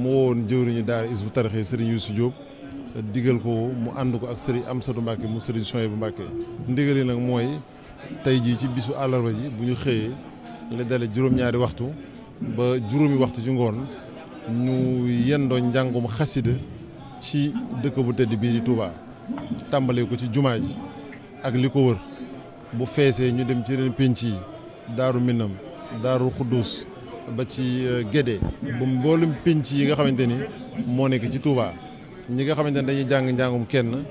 mu wowoon jëwriñu daara Hizbut Tarqiyyah Serigne Youssou Diop digal ko mu ànd ko ak Serigne Amsatou Mbacke mu Serigne Souhaïbou bu ndigal yi nag mooy tey jii ci bisu àllarba ji bu ñu xëyee li dale juróom-ñaari waxtu ba juróomi waxtu ci ngoon ñu yendoo njàngum xasida ci dëkk bu tedd bii di Touba tàmbalee ko ci jumaa ji ak li ko wër bu feesee ñu dem ci yeneen pénc yi daaru Minam daaru Xuddus ba ci euh, Guédé bu mboolum pinc yi nga xamante ni moo nekk ci Touba ñi nga xamante ni dañuy jàng njàngum kenn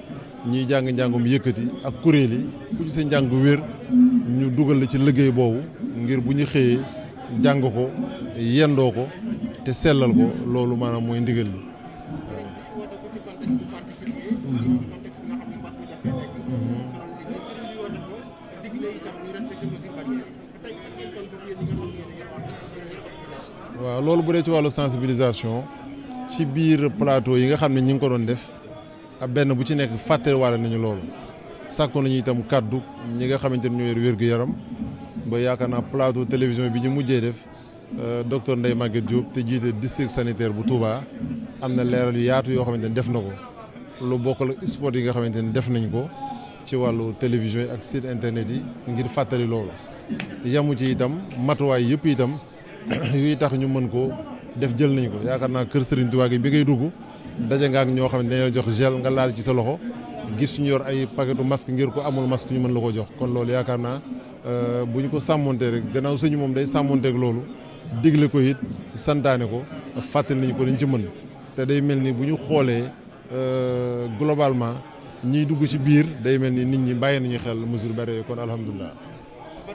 ñuy jàng njàngum yëkkati ak kuréel yi ku ci sa njàng wér ñu dugal la ci liggéey boobu ngir bu ñu xëyee jàng ko yendoo ko te sellal ko loolu maanaam mooy ndigal li. waaw loolu bu dee ci wàllu sensibilisation ci biir plateau yi nga xam ne ñi ngi ko doon def ab benn bu ci nekk fàttewaale nañu loolu sàkkoon nañu itam kàddu ñi nga xamante ne ñoo yor wér-gu-yaram ba yaakaar naa plateau télévision bi ñu mujjee def euh, docteur Ndeye Maguette Diop te jiite district sanitaire bu Touba am na leeral yaatu yoo xamante ne def na ko lu bokkal sport yi nga xamante ne def nañ ko ci wàllu télévision yi ak site internet yi ngir fàttali loolu yamu ci itam matuway yep itam yu tax ñu mën ko def jël nañ ko yaakaar naa kër Serigne Touba gi bi ngay dugg dajé nga ak ño xam dañu jox gel nga laal ci sa loxo gis ñu yor ay paquetu masque ngir ko amul masque ñu mën la ko jox kon loolu yaakaar naa euh buñ ko samonté rek gënaaw suñu mom day ak loolu diglé ko hit santané ko fàttali nañ ko dañ ci mën té day melni buñu xolé euh globalement ñi dugg ci biir day melni nit ñi bayé nañu xel mesure bare kon alhamdullah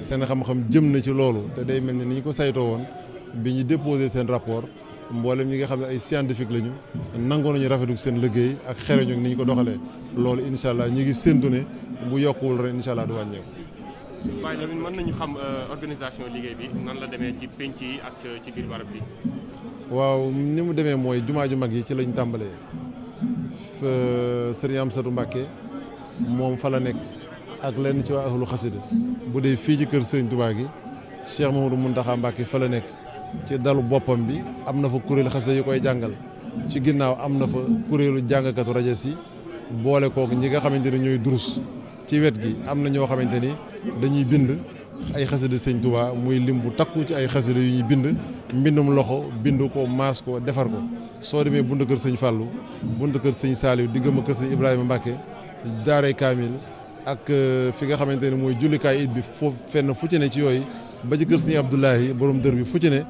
seen xam-xam jëm na ci loolu te day mel ni ni ñu ko saytoo woon bi ñu déposé seen rapport mboolem ñi nga xam ne ay scientifique lañu nangoo nañu rafetlu seen liggéey ak xereñu ni ñu ko doxalee loolu incha allah ñu ngi séntu ne bu yokkuwul ren incha allah du wàññeeku. waaye tamit mën xam euh, organisation liggéey bi nan la demee ci penc yi euh, bi. waaw ni mu demee mooy jumaa ju mag yi ci lañu tàmbalee sëriñ Amsatu Mbàkke moom fa la nekk. ak lenn ci waa ahlu xasida bu dee fii ci kër sëriñ Tuubaa gi Cheikh Mamadou Mountakha Mbacké fa nekk ci dalu boppam bi am na fa kuréelu xasida yu koy jàngal ci ginnaaw am na fa kuréelu jàngkatu rajo si boole kooku ñi nga xamante ne ñooy durus ci wet gi am na ñoo xamante ni dañuy bind ay xasida sëñ Tuubaa muy lim bu takku ci ay xasida yu ñuy bind mbindum loxo bind ko maas ko defar ko soo demee bunt kër sëñ Fàllu bunt kër sëñ Saaliw diggëm kër sëñ Ibrahima Mbàkke daaray ak euh, fi nga xamante ne mooy jullikaay it bi foofu fenn fu ci ne ci yooyu ba ci kër Serigne Abdoulaye borom dër bi fu ci ne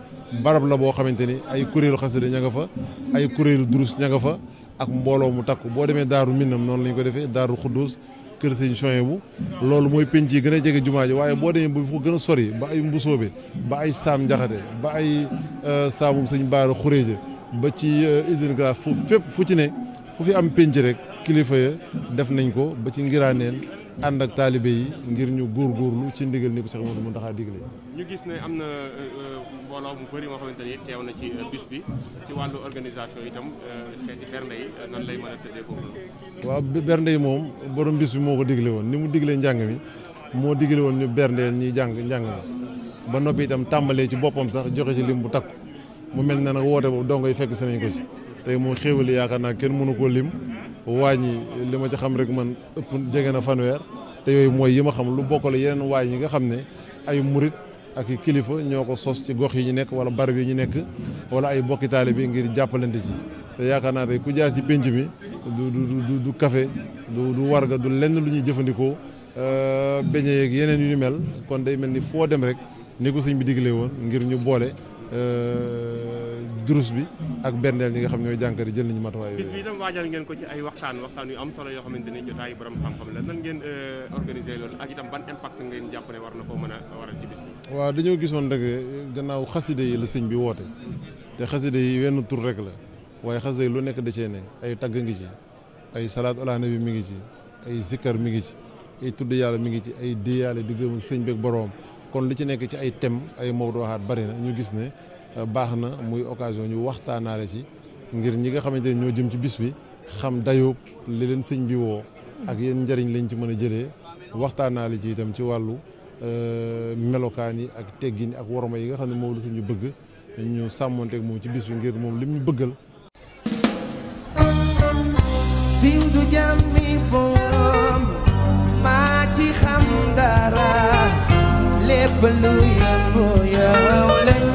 barab la boo xamante ni ay kuréelu xasida ña nga fa ay kuréelu durus ña nga fa ak mbooloo mu takku boo demee daaru minnam noonu la ñu ko defee daaru xudduus kër Serigne Souhaïbou bu loolu mooy penc yi gën a jege jumaa ji waaye boo demee bu fu gën a sori ba ay mbusoobe ba ay saam njaxate ba ay euh, saamum sëñ baara xuréeja ba ci euh, usine glace fépp fu ci ne fu fi am penc rek kilifa ya def nañ ko ba ci ngiraaneen ànd ak taalibe yi ngir ñu góorgóorlu ci ndigal ni ko Cheikh Mouhamadou Mountakha digle ñu gis ne am na euh, mbooloo mu bëri moo xamante ni teew na ci euh, bis bi ci wàllu organisation itam euh, xeeti bernde yi nan lay mën a tëddee foofu waaw bernde yi moom borom bis bi moo ko digle woon ni mu diglee njàng mi moo digle woon ñu berndeel ñuy jàng njàng mi ba noppi itam tàmbalee ci boppam sax joxe ci lim bu takku mu mel na nag woote boobu dongo yi fekk si nañ ko ci tey moo yaakaar naa kenn mënu koo lim waañ yi li ma ci xam rek man ëpp jege na fanweer te yooyu mooy yi ma xam lu bokkale yeneen waañ yi nga xam ne ay murit ak i kilifa ñoo ko sos ci gox yi ñu nekk wala barab yi ñu nekk wala ay bokki taalibe bi ngir jàppalante ci te yaakaar naa tey ku jaar ci pénc mi du du du du café du du warga du lenn lu ñuy jëfandikoo euh, beñe yeeg yeneen yu ñu mel kon day mel ni foo dem rek ni ko bi digle woon ngir ñu boole. Euh, durus bi ak berndeel ñi nga xam ne ñooy jànkari jël nañu matuwaay yooyu waajal ngeen ko ci ay waxtaan waxtaan yu am solo yoo xamante ne jotaay borom xam-xam la nan ngeen euh, ak itam ban impact war na ko mën a waral ci bis bi waaw dañoo gisoon rek gannaaw xaside la sëñ bi woote te xaside wenn tur rek la waaye xaside lu nekk da cee ne ay tagg ngi ci ay salaat ala mi ngi ci ay zikkar mi ngi ci ay tudd yàlla mi ngi ci ay diyaale diggam ak sëñ bi boroom kon li ci nekk ci ay thème ay mawduwaat bari na ñu gis ne baax na muy occasion ñu waxtaanaale ci ngir ñi nga xamante ne ñoo jëm ci bis bi xam dayoob li leen sëñ bi woo ak yéen njëriñ lañ ci mën a jëlee waxtaanaale ci itam ci wàllu euh, melokaan yi ak teggin ak worooma yi nga xam ne moom la sëñ ñu bëgg ñu sàmmonteeg moom ci bis bi ngir moom lim ñu bëggal siiw